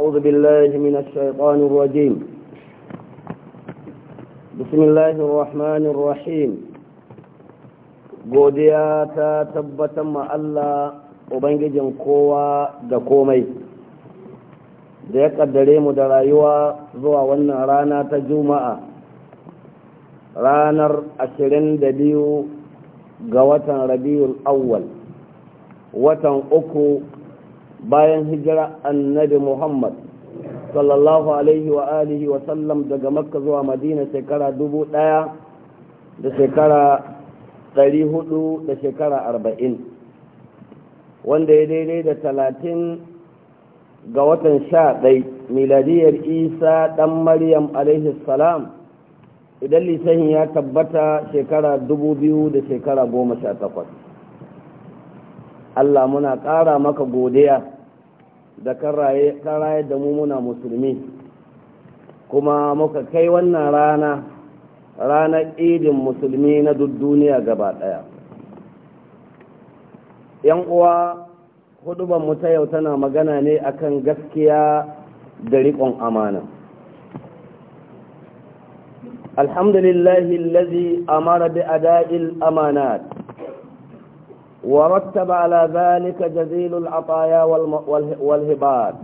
أعوذ بالله من الشيطان الرجيم بسم الله الرحمن الرحيم godiya ta tabbatar ma Allah Ubangijin kowa da komai da ya kaddare mu da rayuwa zuwa wannan rana ta juma'a ranar 22 ga watan rabiul awwal watan uku bayan hijira annabi muhammad sallallahu alaihi wa alihi wa sallam daga makka zuwa madina shekara dubu ɗaya da shekara dari hudu da shekara arba'in wanda ya daidai da talatin ga watan sha ɗai miladiyar isa ɗan maryam alaihi salam idan lisanin ya tabbata shekara dubu biyu da shekara goma sha takwas allah muna ƙara maka godiya da kan rayar da mu muna musulmi kuma muka kai wannan rana ranar idin musulmi na duk duniya gaba ɗaya yan uwa huduban mu ta yau tana magana ne akan gaskiya da riƙon amana alhamdulillahi allazi amara bi ada'il amana. ورتب على ذلك جزيل العطايا والهبات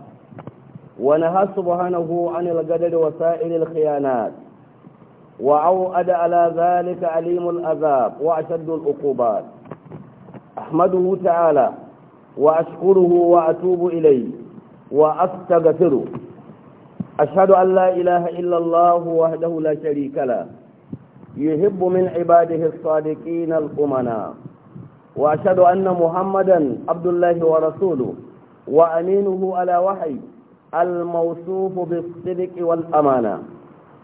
ونهى سبحانه عن الجدل وسائر الخيانات وعوأد على ذلك عليم الأذاب وأشد العقوبات أحمده تعالى وأشكره وأتوب إليه وأستغفره أشهد أن لا إله إلا الله وحده لا شريك له يحب من عباده الصادقين الأمناء وأشهد أن محمدا عبد الله ورسوله وأمينه على وحي الموصوف بالصدق والأمانة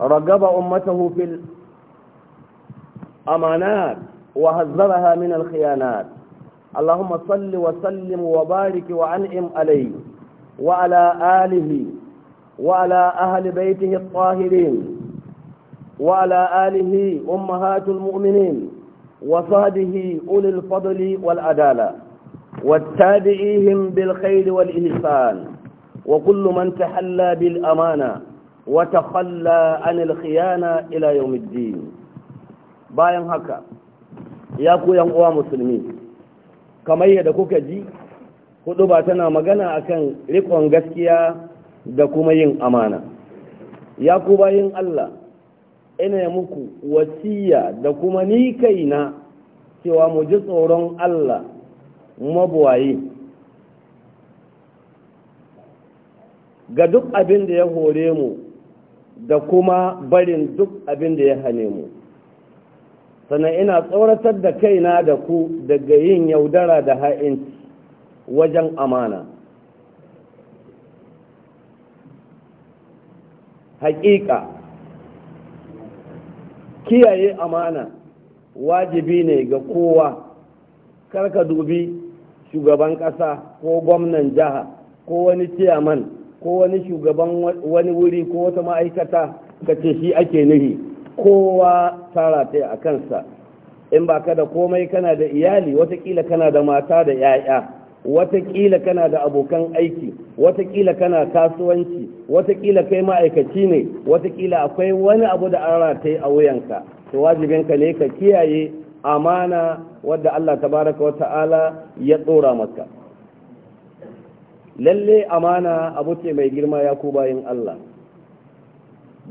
رقب أمته في الأمانات وهذبها من الخيانات اللهم صل وسلم وبارك وعنئم عليه وعلى آله وعلى أهل بيته الطاهرين وعلى آله أمهات المؤمنين وصحبه أولي الفضل والعدالة والتابعيهم بالخير والإحسان وكل من تحلى بالأمانة وتخلى عن الخيانة إلى يوم الدين bayan haka ya ku yan uwa musulmi kamar yadda kuka ji hudu ba tana magana akan rikon gaskiya da kuma yin amana ya bayin Allah ina muku wasiya da kuma ni kaina cewa mu ji tsoron Allah mabuwaye ga duk abin da ya hore mu da kuma barin duk abin da ya hane mu sannan ina tsoratar da kaina da ku daga yin yaudara da ha'inci wajen amana haƙiƙa kiyaye amana wajibi ne ga kowa karka dubi shugaban ƙasa ko gwamnan jiha ko wani ciyaman ko wani shugaban wani wuri ko wata ma'aikata ka ce shi ake nuhi kowa tara ta a kansa in ba ka da komai kana da iyali watakila kana da mata da 'ya'ya watakila kana da abokan aiki watakila kana kasuwanci watakila kai ma'aikaci ne watakila akwai wani abu da an rataye a wuyanka to wajibinka ne ka kiyaye amana wadda Allah tabaraka wata'ala ya tsora maka lalle amana abu ce mai girma ya ku bayin Allah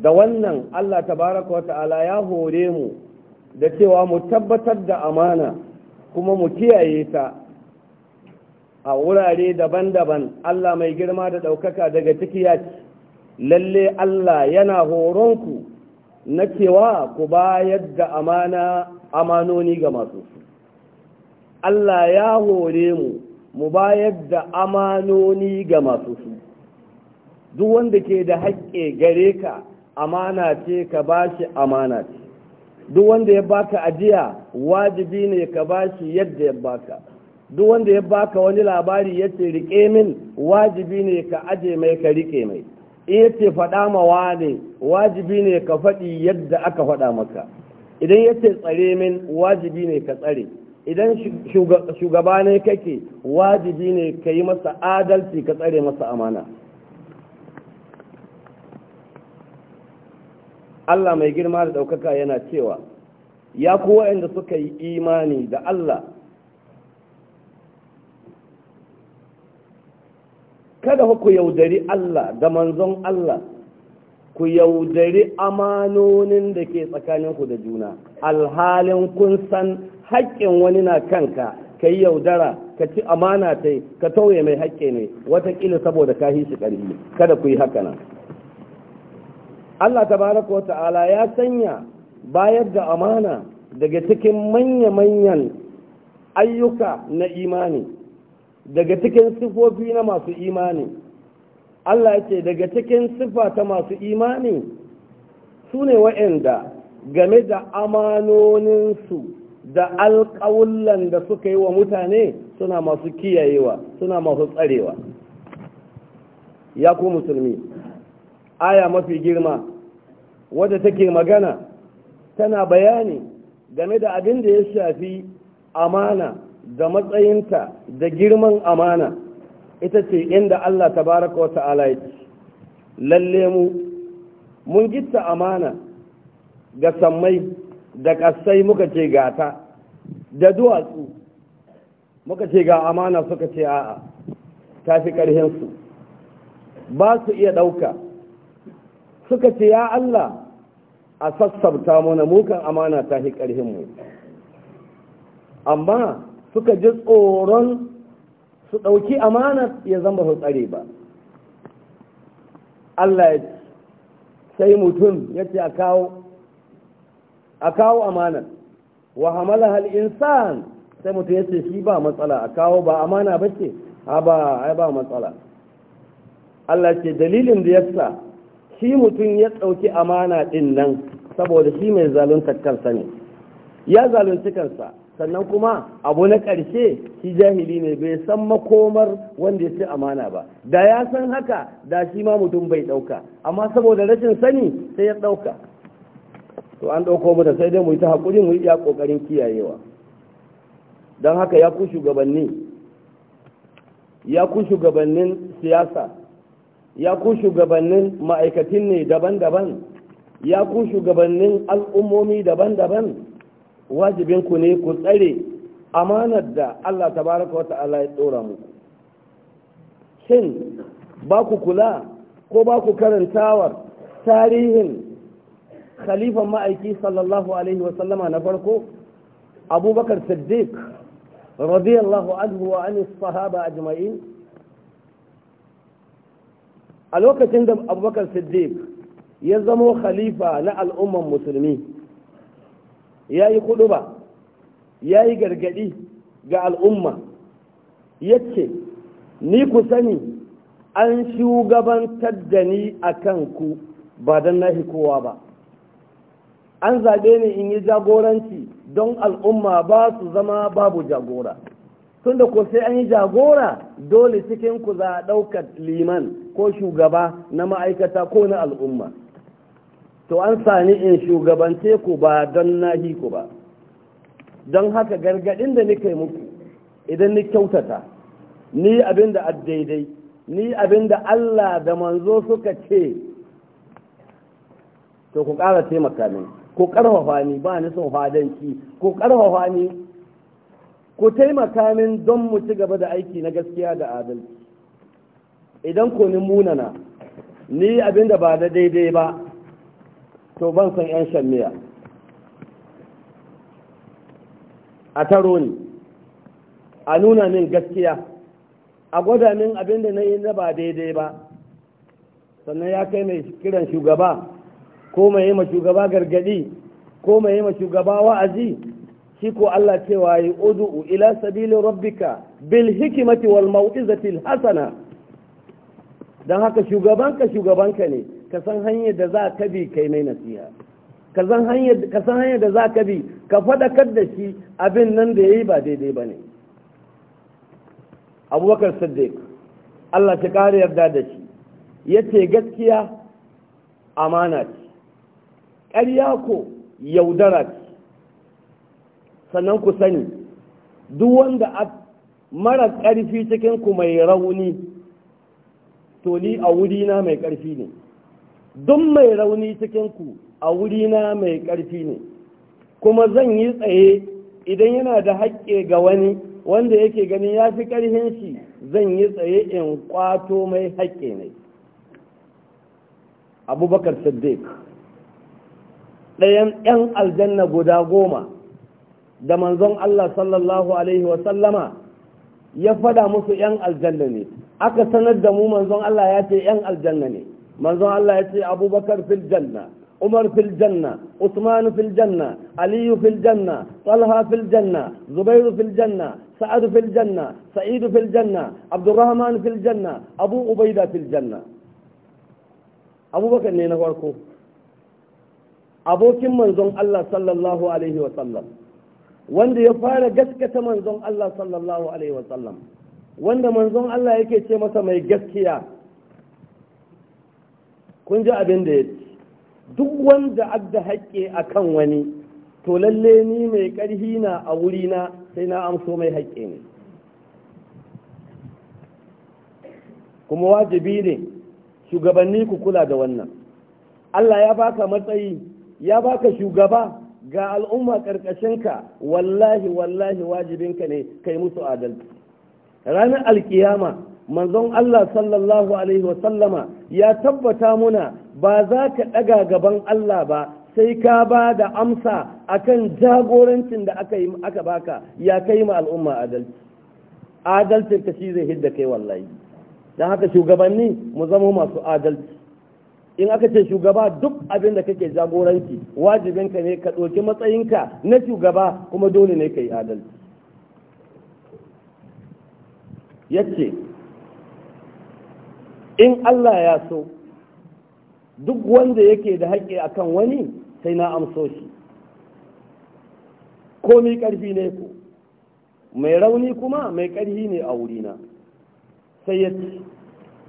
da wannan Allah tabaraka wata'ala ya hore mu da cewa mu tabbatar da amana kuma mu kiyaye ta a wurare daban-daban Allah mai girma da ɗaukaka daga ciki ya ce lalle Allah yana horonku na cewa ku bayar da amana amanoni ga masu su Allah ya hore mu mu bayar da amanoni ga masu su duk wanda ke da haƙƙe gare ka amana ce ka ba shi amana ce duk wanda ya baka ajiya wajibi ne ka ba shi yadda ya baka duk wanda ya baka wani labari ya ce rike min wajibi ne ka aje mai ka rike mai in ya ce faɗa ma ne wajibi ne ka faɗi yadda aka faɗa maka idan ya ce tsare min wajibi ne ka tsare idan shugaba ne kake wajibi ne ka yi masa adalci ka tsare masa amana Allah mai girma da ɗaukaka yana cewa ya kuwa inda suka yi imani da Allah kada ku yaudari Allah da manzon Allah ku yaudari amanonin da ke tsakaninku da juna alhalin kun san haƙƙin wani na kanka ka yi yaudara ka ci amana ta ka tauye mai haƙƙi ne watakila saboda ka shi ƙarfi kada ku yi haka nan Allah tabaraka wa ta'ala ya sanya bayar da amana daga cikin manya-manyan ayyuka na imani daga cikin sifofi na masu imani Allah ce daga cikin sifa ta masu imani su ne wa'anda game da amanoninsu da alƙawullan da suka yi wa mutane suna masu kiyayewa suna masu tsarewa ya ku musulmi aya mafi girma wadda take magana tana bayani game da abin da ya shafi amana da matsayinta da girman amana ita ce inda Allah Ta wa ta'ala ya ce lalle mu mun gitta amana ga sammai da kasai muka ce gata da duwatsu muka ce ga amana suka ce a'a ta fi ƙarhinsu ba su iya ɗauka suka ce ya Allah a sassabta mana mukan amana ta fi ƙarhinmu amma suka ji tsoron su ɗauki amana ya zama su tsare ba Allah ya sai mutum ya ce a kawo amana wa hamala hal sai mutum ya ce shi ba matsala a kawo ba amana ba ce a ba ba matsala Allah ce dalilin da yasa shi mutum ya ɗauki amana ɗin nan saboda shi mai zalunta kansa ne ya zalunci kansa sannan kuma abu na ƙarshe shi jahili ne bai san makomar wanda ya ci amana ba da ya san haka da shi ma mutum bai ɗauka amma saboda rashin sani sai ya ɗauka to an ɗauko mata sai dai mu yi ta haƙuri mu yi iya ƙoƙarin kiyayewa don haka ya ku shugabanni ya ku shugabannin siyasa ya ku shugabannin ma'aikatin ne daban-daban ya ku shugabannin al'ummomi daban-daban wajibinku ne ku tsare amanar da Allah Ta baraka wa ta'ala ya tsora muku shin ba ku kula ko ba ku karantawar tarihin khalifan ma'aiki sallallahu alaihi wasallama na farko abubakar siddiq radiyallahu anhu wa an sahaba ajma'in a lokacin da abubakar siddiq ya zamo khalifa na al'umman musulmi ya yi kuduba ya yi gargadi ga al'umma ya ce ni ku sani an shugabantar da ni a kanku ba don nahi kowa ba an zaɓe ni in yi jagoranci don al'umma ba su zama babu jagora tun da ko sai an yi jagora dole cikin ku za a ɗaukar liman ko shugaba na ma'aikata ko na al'umma to an sani in shugabance ku ba don nahi ku ba don haka gargadin da nika yi muku idan ni kyautata ni abin da daidai ni abin da Allah da manzo suka ce to ku ƙara taimaka min ku karfafa ni ba ni son fadanci ku karfafa ni ku taimaka min don mu ci gaba da aiki na gaskiya da adalci idan ku ni munana ni abin da ba da daidai ba to ban san 'yan shan miya a taro ni a nuna min gaskiya a gwada min abin da na yi na ba daidai ba sannan ya kai mai kiran shugaba ko mai yi ma shugaba gargadi ko mai yi ma shugaba wa'azi shi ko Allah cewa yi udu'u ila sabili rabbika bil hikimati wal mau'izati hasana don haka shugabanka shugabanka ne ka san hanyar da za ka bi kai mai nasiha ka san hanyar da za ka bi ka faɗakar da shi abin nan da ya yi ba daidai ba ne abubakar siddiq allah ta ƙara yarda da shi ya ce gaskiya amana ce ƙarya ko yaudara ce sannan ku sani duk wanda mara ƙarfi cikin ku mai rauni to ni a wuri na mai ƙarfi ne Duk mai rauni cikinku a wurina mai ƙarfi ne kuma zan yi tsaye idan yana da haƙƙe ga wani wanda yake gani ya fi ƙarfin shi zan yi tsaye in ƙwato mai haƙƙe ne abubakar siddiq ɗayan 'yan aljanna guda goma da manzon allah sallallahu alaihi wasallama ya fada musu 'yan aljanna ne aka sanar da mu manzon allah ya ce 'yan aljanna ne manzon Allah ya ce abubakar fil janna umar fil janna usman fil janna aliyu fil janna talha fil janna zubairu fil janna sa'ad fil janna sa'idu fil janna abdurrahman fil janna abu ubaida fil janna abubakar ne na farko abokin manzon Allah sallallahu alaihi wa sallam wanda ya fara gaskata manzon Allah sallallahu alaihi wa sallam wanda manzon Allah yake ce masa mai gaskiya kun ji abin da ya ce duk wanda adda haƙƙe a kan wani to lalle ni mai ƙarfi na a wurina sai na amso mai haƙƙe ne kuma wajibi ne shugabanni ku kula da wannan Allah ya baka matsayi ya baka shugaba ga al'umma ƙarƙashin ka wallahi wallahi wajibinka ne kai musu adalci ranar alƙiyama. manzon Allah sallallahu alaihi wasallama ya tabbata muna ba za ka ɗaga gaban Allah ba sai ka ba da amsa akan jagorancin da aka aka baka ya kai ma al'umma adalci adalcin ka shi zai hidda kai wallahi dan haka shugabanni mu zama masu adalci in aka ce shugaba duk abin da kake jagoranci wajibinka ne ka ɗauki matsayinka na shugaba kuma dole ne ka yi adalci yace in Allah ya so duk wanda yake da haƙƙi akan wani sai na amso shi komi ƙarfi ne ku mai rauni kuma mai ƙarfi ne a wurina sai ya ce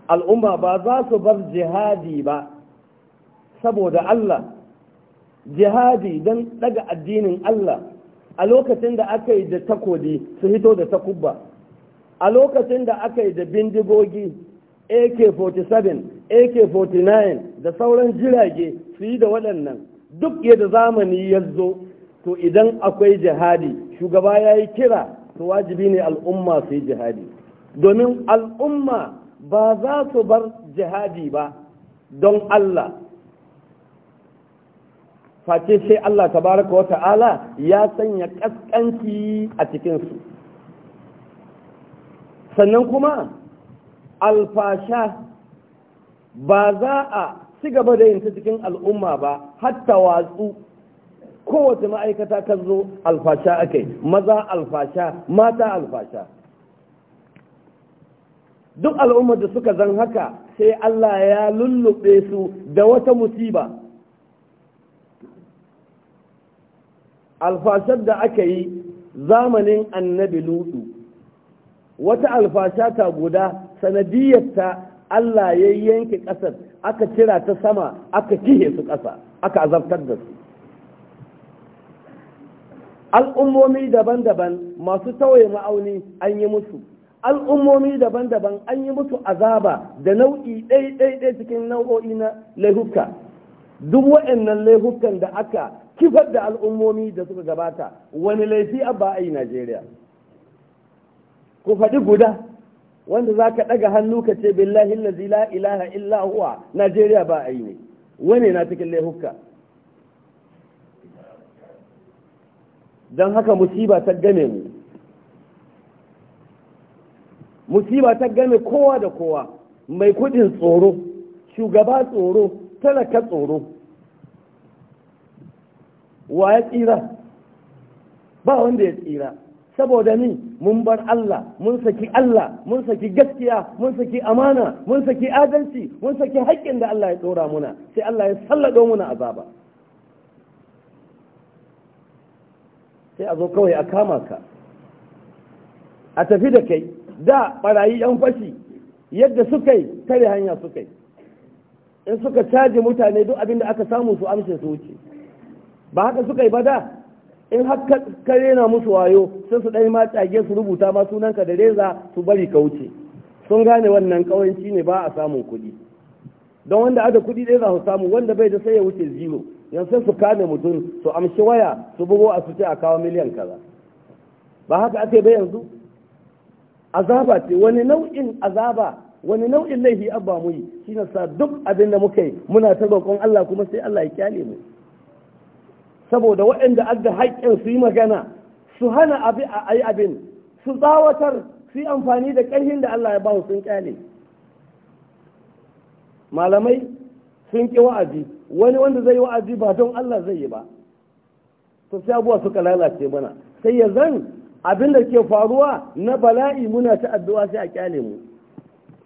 al'umma ba za su bar jihadi ba saboda Allah jihadi don ɗaga addinin Allah a lokacin da aka yi da takobi su hito da takubba a lokacin da aka yi da bindigogi ak-47 ak-49 da sauran jirage su yi da waɗannan duk yadda zamani ya zo to idan akwai jihadi shugaba ya yi kira su wajibi ne al'umma su yi jihadi domin al'umma ba za su bar jihadi ba don Allah face sai Allah tabaraka wa ta'ala ya sanya kaskanci a cikinsu sannan kuma alfasha ba za a ci gaba da yin ta cikin al'umma ba hatta watsu kowace ma'aikata kan zo alfasha ake maza alfasha mata alfasha duk al'ummar da suka zan haka sai Allah ya lullube su da wata musiba alfashar da aka yi zamanin annabi lutu wata alfasha ta guda sanadiyarta Allah ya yanke ƙasar aka cira ta sama aka kihe su ƙasa aka azabtar da su al'ummomi daban-daban masu tawaye ma'auni an yi musu al'ummomi daban-daban an yi musu azaba da nau'i ɗai-ɗai cikin nau'o'i na laihuka duk waɗannan laihukan da aka kifar da al'ummomi da suka gabata wani laifi a ba a yi najeriya ku faɗi guda wanda za ka ɗaga hannu ka ce billahi lazi la ilaha illa huwa najeriya ba a yi ne wane na cikin laifuka don haka musiba ta game mu musiba ta game kowa da kowa mai kudin tsoro shugaba tsoro talaka tsoro wa ya tsira ba wanda ya tsira saboda ni mun bar Allah mun saki Allah mun saki gaskiya mun saki amana mun saki adalci mun saki haƙƙin da Allah ya ɗora muna sai Allah ya sallado muna azaba sai a zo kawai a kama ka a tafi da kai da ɓarayi yan fashi yadda suka yi kare hanya suka yi in suka caji mutane duk abin da aka samu su amshe su wuce ba haka suka yi ba da in har ka rena musu wayo sai su ɗari matage, su rubuta ma sunanka da reza su bari ka wuce sun gane wannan kawanci ne ba a samun kuɗi don wanda aka kuɗi ɗaya za su samu wanda bai da sai ya wuce zero yan sai su kame mutum su amshi waya su bugo a su ce a kawo miliyan kaza ba haka ake bai yanzu azaba ce wani nau'in azaba wani nau'in laifi abba mu yi shine sa duk abin da muka yi muna ta roƙon Allah kuma sai Allah ya kyale mu saboda waɗanda adda haƙƙin su yi magana su hana abi a ayi abin su tsawatar su yi amfani da ƙarfin da Allah ya ba sun ƙyale malamai sun ƙi wa'azi wani wanda zai yi wa'azi ba don Allah zai yi ba to sai abuwa suka lalace mana sai ya zan abin da ke faruwa na bala'i muna ta addu'a sai a ƙyale mu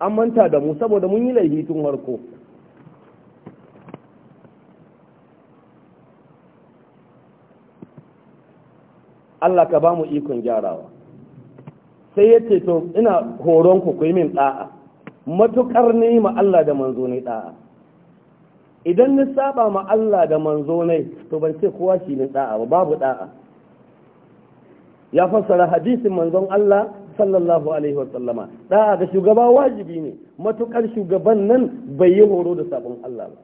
an manta da mu saboda mun yi laifi tun farko Allah ka ba mu ikon gyarawa sai ya ce to ina horon ku yi min da'a matukar ni ma Allah da manzo ne da'a idan ni saba ma Allah da manzo ne to ban ce kowa shi ne da'a ba babu da'a ya fassara hadisin manzon Allah sallallahu alaihi wasallama da'a ga shugaba wajibi ne matukar shugaban nan bai yi horo da sabon Allah ba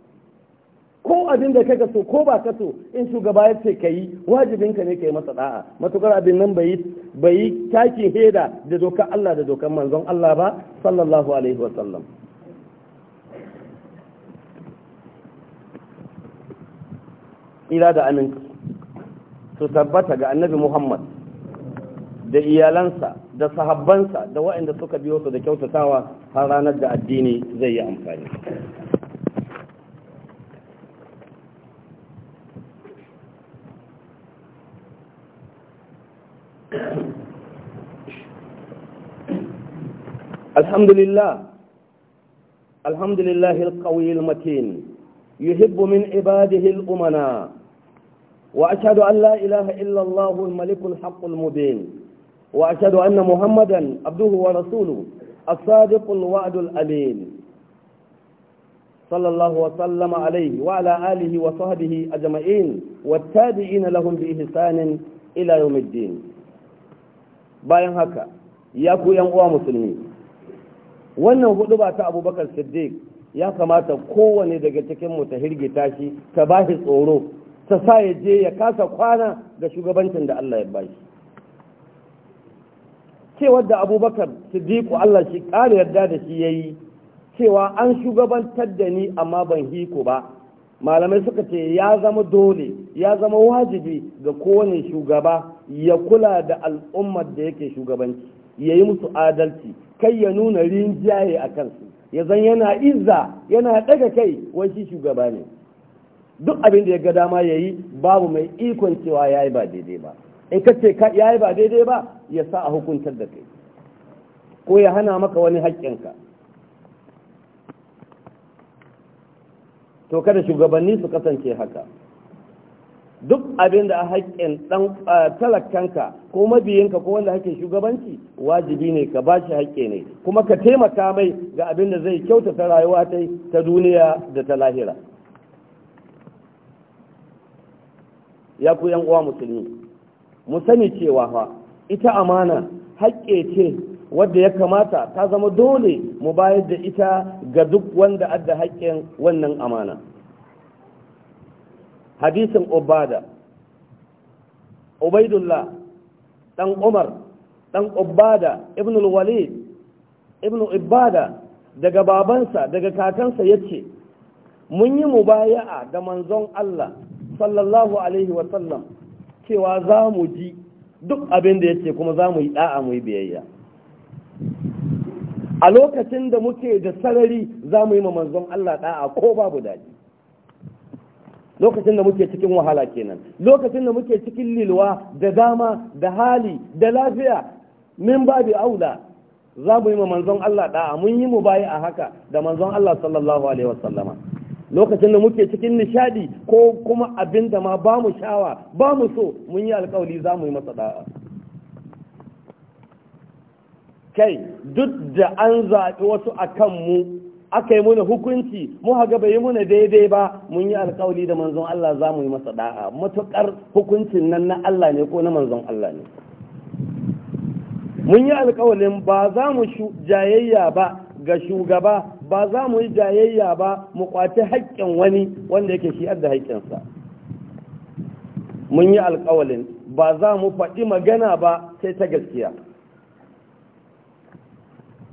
ko abin da kaga so ko ba ka so in shugaba ya ce ka yi wajibinka ne ka yi masa da'a matukar abin nan bai bai takin heda da dokar Allah da dokar manzon Allah ba sallallahu alaihi wa ila da amin su tabbata ga annabi Muhammad da iyalansa da sahabbansa da waɗanda suka biyo su da kyautatawa har ranar da addini zai yi amfani الحمد لله الحمد لله القوي المتين يحب من عباده الأمنا وأشهد أن لا إله إلا الله الملك الحق المبين وأشهد أن محمدا عبده ورسوله الصادق الوعد الأمين صلى الله وسلم عليه وعلى آله وصحبه أجمعين والتابعين لهم بإحسان إلى يوم الدين باين هكا يا أخوة مسلمين wannan hudu ba ta abubakar siddiq ya kamata kowane daga cikin mu ta hirgita shi ta ba shi tsoro ta sa ya je ya kasa kwana ga shugabancin da Allah ya ba shi cewar da abubakar siddiq Allah shi kare yarda da shi yayi cewa an shugabantar da ni amma ban hiko ba malamai suka ce ya zama dole ya zama wajibi ga kowane shugaba ya kula da al'ummar da yake shugabanci ya yi musu adalci kai ya nuna rinjaye a kansu ya zan yana izza yana daga kai wai shi shugaba ne duk abin da ya ga dama ya yi babu mai ikon cewa ya yi ba daidai ba in ka ce ya yi ba daidai ba ya sa a hukuntar da kai ko ya hana maka wani haƙƙinka to kada shugabanni su kasance haka duk abin da haƙƙin ɗan talakanka ko mabiyinka ko wanda haƙƙin shugabanci wajibi ne ka ba shi haƙƙi ne kuma ka taimaka mai ga abin da zai kyautata rayuwa ta ta duniya da ta lahira ya ku yan uwa musulmi mu sani cewa fa ita amana haƙƙe ce wadda ya kamata ta zama dole mu bayar da ita ga duk wanda adda haƙƙin wannan amana hadisin ubada ubaidullah dan umar dan ubada ibn walid ibn ibada daga babansa daga kakansa yace mun yi mubaya'a da manzon Allah sallallahu alaihi wa sallam cewa za mu ji duk abin da yace kuma za mu yi da'a mu yi biyayya a lokacin da muke da sarari za mu yi ma manzon Allah da'a ko babu daji lokacin da muke cikin wahala kenan lokacin da muke cikin lilwa da dama da hali da lafiya min babu aula za mu yi ma manzon Allah da'a mun yi mu bayi a haka da manzon Allah sallallahu alaihi wasallama lokacin da muke cikin nishadi ko kuma abin da ma ba mu shawa ba mu so mun yi alkawari za mu yi masa da'a kai duk da an zaɓi wasu a kan mu. aka yi muna hukunci mu haga bai yi muna daidai ba mun yi alkawari da manzon Allah za mu yi masa da'a Matuƙar hukuncin nan na Allah ne ko na manzon Allah ne mun yi alkawarin ba za mu jayayya ba ga shugaba ba za mu yi jayayya ba mu kwaci haƙƙin wani wanda yake shi da haƙƙinsa mun yi alkawarin ba za mu faɗi magana ba sai ta gaskiya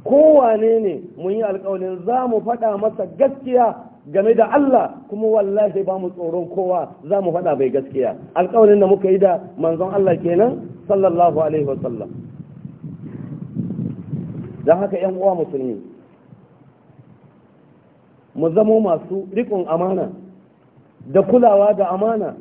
kowane ne mun yi alkawalin za mu faɗa masa gaskiya game da Allah kuma wallahi ba mu tsoron kowa za mu faɗa bai gaskiya alkawarin da muka yi da manzon Allah kenan sallallahu alaihi wasallam don haka yan uwa musulmi mu zamo masu riƙon amana da kulawa da amana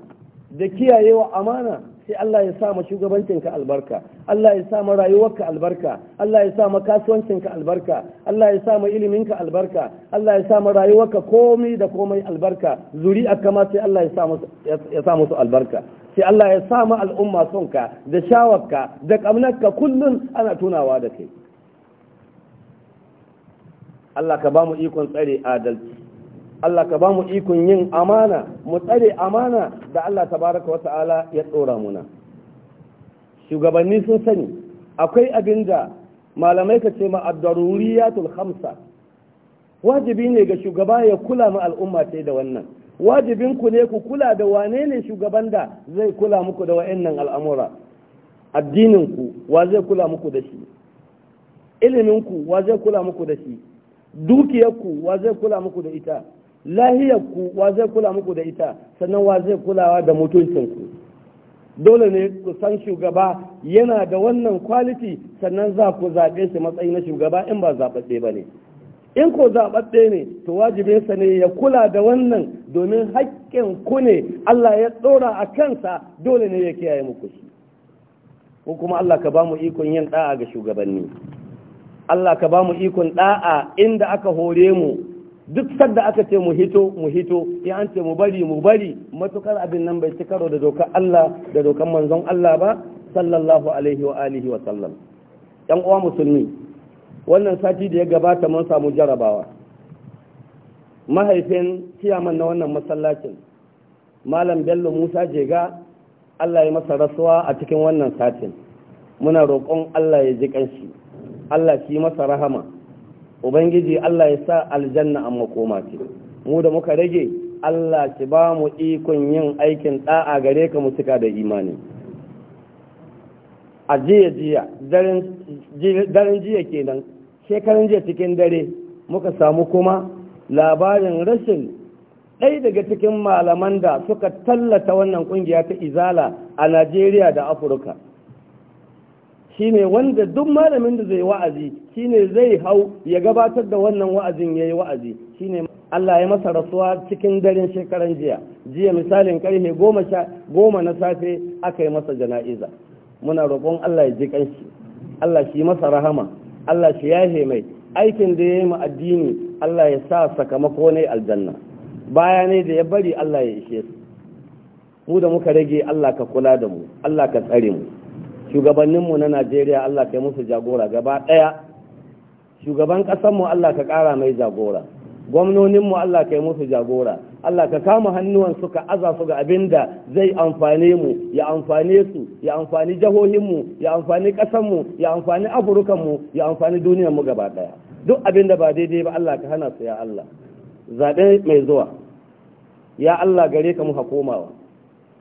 da kiyayewa amana sai Allah ya sa ma shugabancinka albarka Allah ya sa ma rayuwarka albarka Allah ya sa ma kasuwancinka albarka Allah ya sa ma iliminka albarka Allah ya sa ma rayuwarka komai da komai albarka zuri'a kama sai Allah ya sa musu albarka sai Allah ya sa ma al'umma sonka da shawarka da kamnarka kullun ana tunawa da kai Allah ka ba mu ikon tsare adalci Allah ka ba mu ikon yin amana mu tsare amana da Allah tabaraka wa ta'ala ya tsora muna shugabanni sun sani akwai abin da malamai ka ce ma ad-daruriyatul wajibi ne ga shugaba ya kula ma al'umma sai da wannan wajibin ku ne ku kula da wane ne shugaban da zai kula muku da wa'annan al'amura addinin ku wa zai kula muku da shi ilimin ku wa zai kula muku da shi dukiyar wa zai kula muku da ita lahiyar ku wa zai kula muku da ita sannan wa zai kulawa da mutuncinku dole ne ku san shugaba yana da wannan kwaliti sannan za ku zaɓe shi matsayi na shugaba in ba zaɓaɓɓe ba ne in ko zaɓaɓɓe ne to wajibinsa ne ya kula da wannan domin haƙƙin ku ne Allah ya ɗora a kansa dole ne ya kiyaye muku shi ko kuma Allah ka ba mu ikon yin ɗa'a ga shugabanni Allah ka ba mu ikon ɗa'a inda aka hore mu duk sanda aka ce mu hito mu hito ya an ce mu bari mu bari matukar abin nan bai ci karo da dokar Allah da dokar manzon Allah ba sallallahu alaihi wa alihi wa sallam yan uwa musulmi wannan sati da ya gabata mun samu jarabawa mahaifin ciyaman na wannan masallacin malam bello musa jega allah ya masa rasuwa a cikin wannan satin muna roƙon allah ya ji ƙanshi allah shi masa rahama ubangiji Allah ya sa aljanna an makoma ce mu da muka rage Allah ki ba mu ikon yin aikin da'a gare ka mu cika da imani a jiya jiya daren jiya kenan shekaran jiya cikin dare muka samu kuma labarin rashin ɗaya daga cikin malaman da suka tallata wannan ƙungiya ta izala a Najeriya da Afirka shine wanda duk malamin da zai wa'azi shine zai hau ya gabatar da wannan wa'azin ya yi wa'azi shine Allah ya masa rasuwa cikin daren shekaran jiya jiya misalin karfe goma na safe aka yi masa jana'iza muna roƙon Allah ya ji kanshi Allah shi masa rahama Allah shi yahe mai aikin da ya yi ma'addini, addini Allah ya sa sakamako ne aljanna baya ne da ya bari Allah ya ishe su mu da muka rage Allah ka kula da mu Allah ka tsare mu shugabanninmu na najeriya allah ka musu jagora gaba ɗaya shugaban ƙasanmu allah ka ƙara mai jagora gwamnoninmu allah ka musu jagora allah ka kama hannuwan suka aza su ga abin da zai amfane mu ya amfane su ya amfani jahohinmu ya amfani ƙasanmu ya amfani afirkanmu ya amfani duniyanmu gaba ɗaya duk abin da ba daidai ba allah ka hana su ya allah zaɓe mai zuwa ya allah gare ka mu hakomawa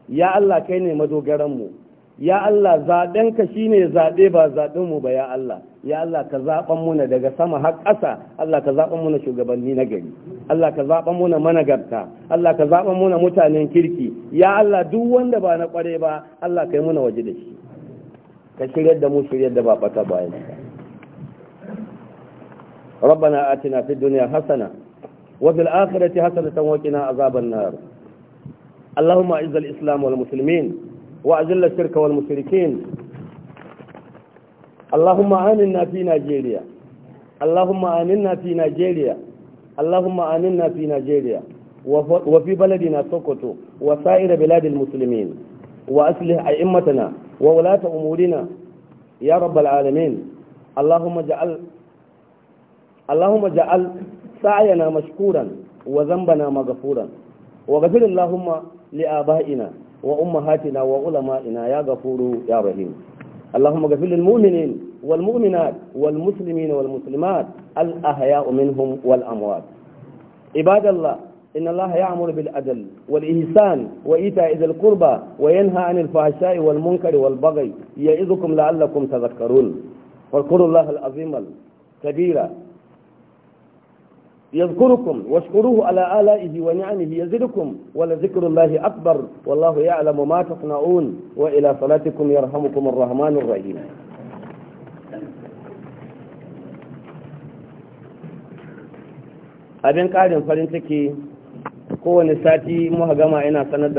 ya allah kai ne madogaranmu ya Allah zaɓenka ne zaɓe ba zaɓenmu ba ya Allah ya Allah ka zaɓen muna daga sama har ƙasa Allah ka zaɓen muna shugabanni na gari Allah ka zaɓen muna managarta Allah ka zaɓen muna mutanen kirki ya Allah duk wanda ba na ƙware ba Allah ka yi muna waje da shi ka shiryar da mu shiryar da ba ɓata bayan ربنا آتنا في الدنيا حسنة وفي الآخرة حسنة وقنا عذاب النار اللهم islam wal والمسلمين وأذل الشرك والمشركين اللهم آمنا في نيجيريا اللهم آمنا في نيجيريا اللهم آمنا في نيجيريا وفي بلدنا سوكوتو وسائر بلاد المسلمين وأصلح أئمتنا وولاة أمورنا يا رب العالمين اللهم اجعل اللهم اجعل سعينا مشكورا وذنبنا مغفورا وغفر اللهم لآبائنا وأمهاتنا وعلمائنا يا غفور يا رحيم اللهم اغفر للمؤمنين والمؤمنات والمسلمين والمسلمات الأحياء منهم والأموات عباد الله إن الله يعمر بالعدل والإحسان وإيتاء ذي القربى وينهى عن الفحشاء والمنكر والبغي يعظكم لعلكم تذكرون واذكروا الله العظيم الكبير يذكركم واشكروه على آلائه ونعمه يزدكم ولذكر الله أكبر والله يعلم ما تصنعون وإلى صلاتكم يرحمكم الرحمن الرحيم abin ƙarin farin ciki kowane sati muka gama ina sanar da